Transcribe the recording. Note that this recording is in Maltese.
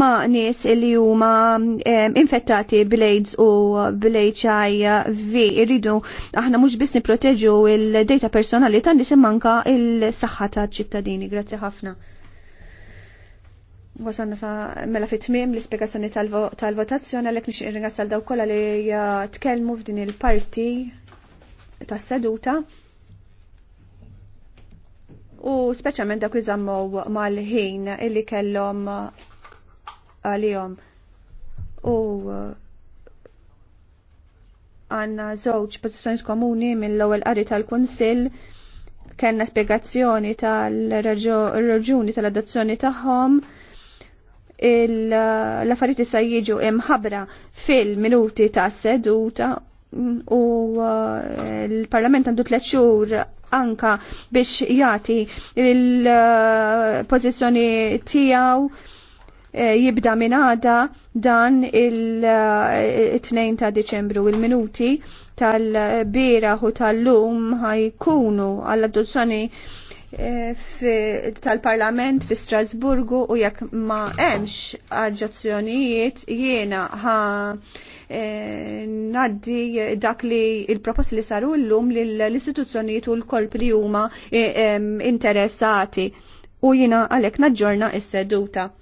ma' nies li huma infettati bil-AIDS u bil-HIV irridu aħna mhux biss nipproteġu il-data personali tan nies manka il-saħħa tal-ċittadini. Grazzi ħafna. Wasanna sa mela fit tmiem l-ispjegazzjoni tal-votazzjoni għalhekk nixtieq ringrazzja għal dawk kollha li eh, tkellmu f'din il-parti tas-seduta. U speċjalment dak iżammu mal-ħin illi kellhom għalihom. U uh, għanna żewġ pożizzjonijiet komuni mill-ewwel qari tal-Kunsill kellna spjegazzjoni tal-raġuni tal-adozzjoni tagħhom uh, l-affarijiet issa jiġu imħabra fil-minuti ta' seduta u uh, l-Parlament għandu tliet xhur anka biex jagħti il-pożizzjoni tiegħu Eh, jibda minn għada dan il-2 eh, ta' Deċembru il-minuti tal-biraħ u tal-lum ħajkunu għall-adozzjoni eh, tal-Parlament fi Strasburgu u jekk ma hemmx aġġazzjonijiet jiena ħa naddi dak li il-proposti li saru llum lill-istituzzjonijiet u l-korp li huma interessati u jiena għalhekk naġġorna s-seduta.